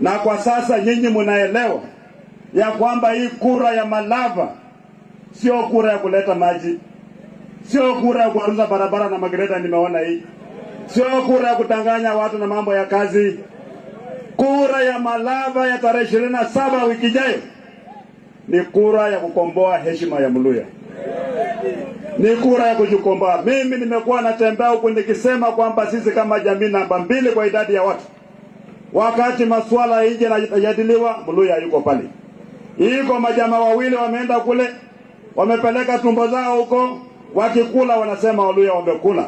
Na kwa sasa nyinyi munaelewa ya kwamba hii kura ya Malava sio kura ya kuleta maji, sio kura ya kuaruza barabara na magereta. Nimeona hii sio kura ya kudanganya watu na mambo ya kazi. Kura ya Malava ya tarehe ishirini na saba wiki ijayo ni kura ya kukomboa heshima ya Mluya, ni kura ya kujikomboa. Mimi nimekuwa natembea huku nikisema kwamba sisi kama jamii namba mbili kwa idadi ya watu wakati masuala ya nje yanajadiliwa, Mluya yuko pale. Iko majamaa wawili wameenda kule, wamepeleka tumbo zao huko, wakikula wanasema Waluya wamekula.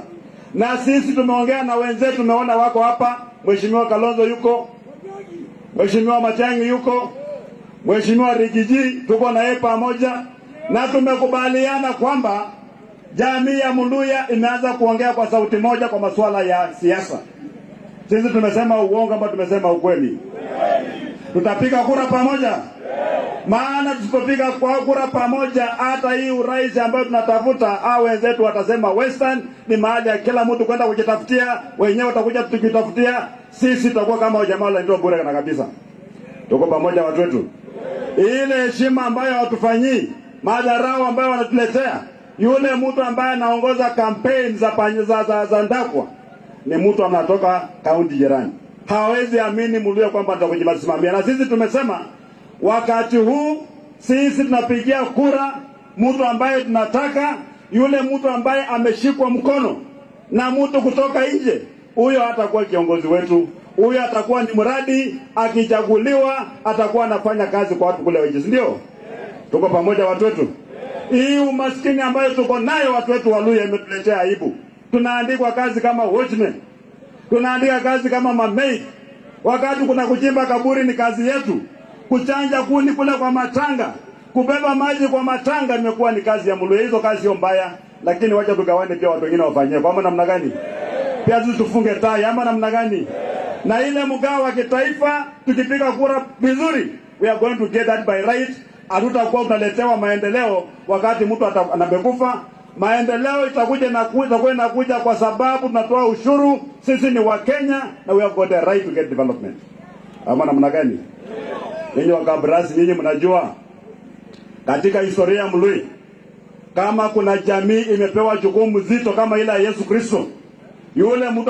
Na sisi tumeongea na wenzetu, tumeona wako hapa. Mheshimiwa Kalonzo yuko, Mheshimiwa Matiang'i yuko, Mheshimiwa Rigiji tuko na yeye pamoja, na tumekubaliana kwamba jamii ya Mluya imeanza kuongea kwa sauti moja kwa masuala ya siasa. Sisi tumesema uongo ama tumesema ukweli? Tutapiga kura pamoja, maana tusipopiga kwa kura pamoja, hata hii urais ambayo tunatafuta au wenzetu watasema western ni mahali ya kila mtu kwenda kujitafutia, wenyewe watakuja tukijitafutia. Sisi tutakuwa kama jamaa la ndio bure kana kabisa. Tuko pamoja watu wetu, ile heshima ambayo hawatufanyii, madharau ambayo wanatuletea, yule mtu ambaye anaongoza kampeni za, za, za, za Ndakwa ni mtu anatoka kaunti jirani. Hawezi amini mlio kwamba nitakujisimamia, na sisi tumesema wakati huu sisi tunapigia kura mtu ambaye tunataka, yule mtu ambaye ameshikwa mkono na mtu kutoka nje, huyo atakuwa kiongozi wetu, huyo atakuwa ni mradi. Akichaguliwa atakuwa anafanya kazi kwa watu kule nje, ndio? Tuko pamoja watu wetu. Hii umaskini ambayo tuko nayo watu wetu Waluya imetuletea aibu tunaandikwa kazi kama watchmen, tunaandika kazi kama mamaid. Wakati kuna kuchimba kaburi ni kazi yetu, kuchanja kuni kule kwa matanga, kubeba maji kwa matanga imekuwa ni kazi ya Mluhya. Hizo kazi sio mbaya, lakini wacha tugawane pia watu wengine wafanyie. Kwa namna gani? Pia sisi tufunge tai ama namna gani? Na ile mgao wa kitaifa tukipiga kura vizuri, we are going to get that by right. Hatutakuwa tunaletewa maendeleo wakati mtu anapekufa Maendeleo itakuja na kwenda kuja kwa sababu tunatoa ushuru. Sisi ni wa kenya na we have got the right to get development. Ama namna gani? Ninyi Wakabrasi, nyinyi mnajua katika historia ya Mlui, kama kuna jamii imepewa jukumu zito kama ile ya Yesu Kristo, yule mtu